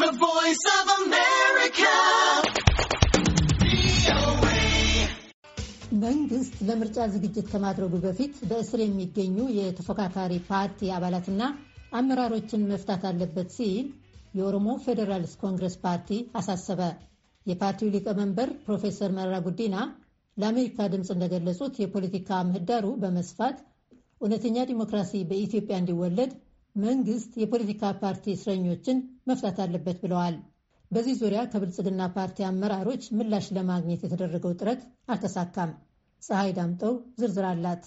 The Voice of America. መንግስት ለምርጫ ዝግጅት ከማድረጉ በፊት በእስር የሚገኙ የተፎካካሪ ፓርቲ አባላትና አመራሮችን መፍታት አለበት ሲል የኦሮሞ ፌዴራልስ ኮንግረስ ፓርቲ አሳሰበ። የፓርቲው ሊቀመንበር ፕሮፌሰር መረራ ጉዲና ለአሜሪካ ድምፅ እንደገለጹት የፖለቲካ ምህዳሩ በመስፋት እውነተኛ ዲሞክራሲ በኢትዮጵያ እንዲወለድ መንግስት የፖለቲካ ፓርቲ እስረኞችን መፍታት አለበት ብለዋል። በዚህ ዙሪያ ከብልጽግና ፓርቲ አመራሮች ምላሽ ለማግኘት የተደረገው ጥረት አልተሳካም። ፀሐይ ዳምጠው ዝርዝር አላት።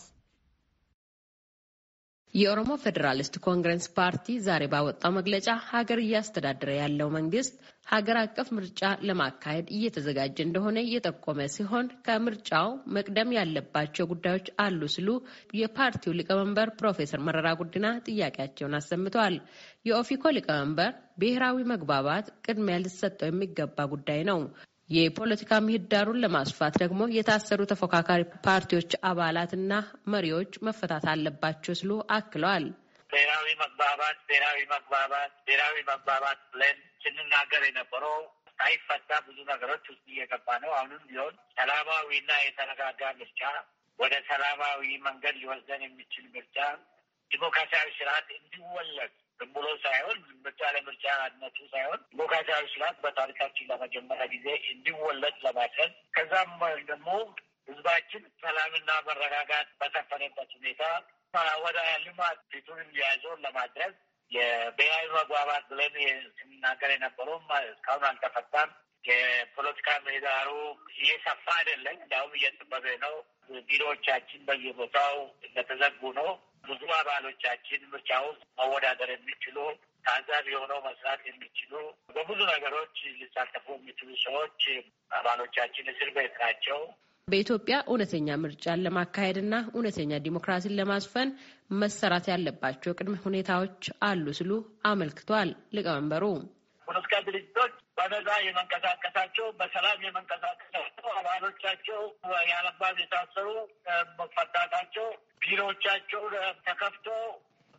የኦሮሞ ፌዴራሊስት ኮንግረስ ፓርቲ ዛሬ ባወጣው መግለጫ ሀገር እያስተዳደረ ያለው መንግስት ሀገር አቀፍ ምርጫ ለማካሄድ እየተዘጋጀ እንደሆነ እየጠቆመ ሲሆን ከምርጫው መቅደም ያለባቸው ጉዳዮች አሉ ሲሉ የፓርቲው ሊቀመንበር ፕሮፌሰር መረራ ጉዲና ጥያቄያቸውን አሰምተዋል። የኦፊኮ ሊቀመንበር ብሔራዊ መግባባት ቅድሚያ ሊሰጠው የሚገባ ጉዳይ ነው የፖለቲካ ምህዳሩን ለማስፋት ደግሞ የታሰሩ ተፎካካሪ ፓርቲዎች አባላትና መሪዎች መፈታት አለባቸው ሲሉ አክለዋል። ብሔራዊ መግባባት ብሔራዊ መግባባት ብሔራዊ መግባባት ብለን ስንናገር የነበረው ሳይፈታ ብዙ ነገሮች ውስጥ እየገባ ነው። አሁንም ቢሆን ሰላማዊና የተረጋጋ ምርጫ ወደ ሰላማዊ መንገድ ሊወስደን የሚችል ምርጫ ዲሞክራሲያዊ ስርዓት እንዲወለድ ዝም ብሎ ሳይሆን ምርጫ ክርስቲያንነቱ ሳይሆን ሞጋዳዊ ስላት በታሪካችን ለመጀመሪያ ጊዜ እንዲወለድ ለማድረግ ከዛም ደግሞ ህዝባችን ሰላምና መረጋጋት በሰፈነበት ሁኔታ ወደ ልማት ፊቱን እንዲያዞር ለማድረግ የብሔራዊ መግባባት ብለን ስንናገር የነበረውም እስካሁን አልተፈታም። የፖለቲካ ምህዳሩ እየሰፋ አይደለም፣ እንዲሁም እየጠበበ ነው። ቢሮዎቻችን በየቦታው እንደተዘጉ ነው። ብዙ አባሎቻችን ምርጫ ውስጥ መወዳደር የሚችሉ ታዛቢ የሆነው መስራት የሚችሉ በብዙ ነገሮች ሊሳተፉ የሚችሉ ሰዎች አባሎቻችን እስር ቤት ናቸው። በኢትዮጵያ እውነተኛ ምርጫን ለማካሄድና እውነተኛ ዲሞክራሲን ለማስፈን መሰራት ያለባቸው ቅድመ ሁኔታዎች አሉ ሲሉ አመልክቷል ሊቀመንበሩ። ፖለቲካ ድርጅቶች በነጻ የመንቀሳቀሳቸው፣ በሰላም የመንቀሳቀሳቸው፣ አባሎቻቸው ያለባት የታሰሩ መፈታታቸው፣ ቢሮዎቻቸው ተከፍቶ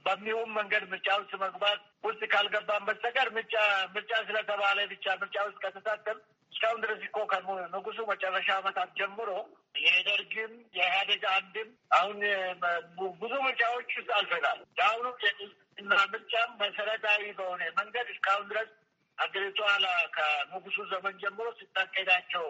በሚሆን መንገድ ምርጫ ውስጥ መግባት ውስጥ ካልገባን በስተቀር ምርጫ ምርጫ ስለተባለ ብቻ ምርጫ ውስጥ ከተሳተም እስካሁን ድረስ እኮ ከንጉሱ መጨረሻ ዓመታት ጀምሮ የደርግም የኢህአዴግ አንድም አሁን ብዙ ምርጫዎች ውስጥ አልፈናል። ለአሁኑ እና ምርጫም መሰረታዊ በሆነ መንገድ እስካሁን ድረስ አገሪቷ ከንጉሱ ዘመን ጀምሮ ስታካሄዳቸው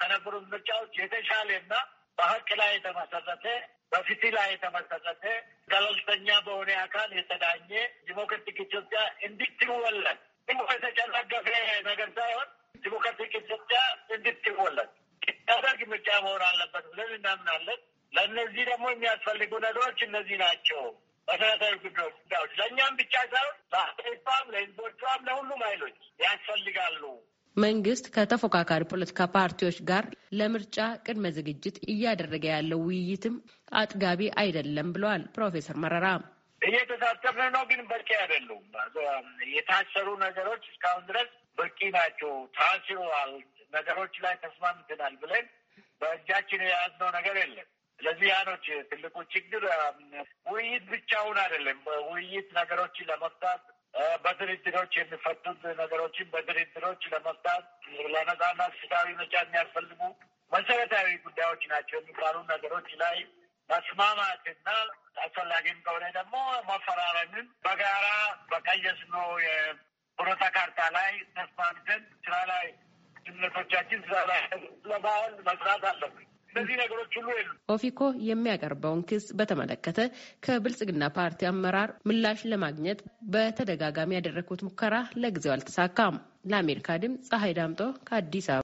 ከነበሩት ምርጫዎች የተሻለ እና በሀቅ ላይ የተመሰረተ በፍትህ ላይ የተመሰረተ ገለልተኛ በሆነ አካል የተዳኘ ዲሞክራቲክ ኢትዮጵያ እንድትወለድ ዝም ብሎ የተጨናገፈ ነገር ሳይሆን ዲሞክራቲክ ኢትዮጵያ እንድትወለድ ሲታደርግ ምርጫ መሆን አለበት ብለን እናምናለን። ለእነዚህ ደግሞ የሚያስፈልጉ ነገሮች እነዚህ ናቸው። መሰረታዊ ጉዳዮች ለእኛም ብቻ ሳይሆን ለአፍሪካም፣ መንግስት ከተፎካካሪ ፖለቲካ ፓርቲዎች ጋር ለምርጫ ቅድመ ዝግጅት እያደረገ ያለው ውይይትም አጥጋቢ አይደለም ብለዋል ፕሮፌሰር መረራ። እየተሳተፍን ነው፣ ግን በቂ አይደሉም። የታሰሩ ነገሮች እስካሁን ድረስ በቂ ናቸው። ታስረዋል፣ ነገሮች ላይ ተስማምተናል ብለን በእጃችን የያዝነው ነገር የለም። ስለዚህ ያኖች ትልቁ ችግር ውይይት ብቻውን አይደለም። ውይይት ነገሮችን ለመፍታት በድርድሮች የሚፈቱት ነገሮችን በድርድሮች ለመፍታት ለነጻና ፍትሃዊ ምርጫ የሚያስፈልጉ መሰረታዊ ጉዳዮች ናቸው የሚባሉ ነገሮች ላይ መስማማትና አስፈላጊም ከሆነ ደግሞ መፈራረምን በጋራ በቀየስኖ የፕሮታ ካርታ ላይ ተስማምተን ስራ ላይ ስምምነቶቻችን ስራ ላይ ለማዋል መስራት አለብን። እነዚህ ነገሮች ሁሉ የሉ። ኦፊኮ የሚያቀርበውን ክስ በተመለከተ ከብልጽግና ፓርቲ አመራር ምላሽ ለማግኘት በተደጋጋሚ ያደረግኩት ሙከራ ለጊዜው አልተሳካም። ለአሜሪካ ድምፅ ፀሐይ ዳምጦ ከአዲስ አበባ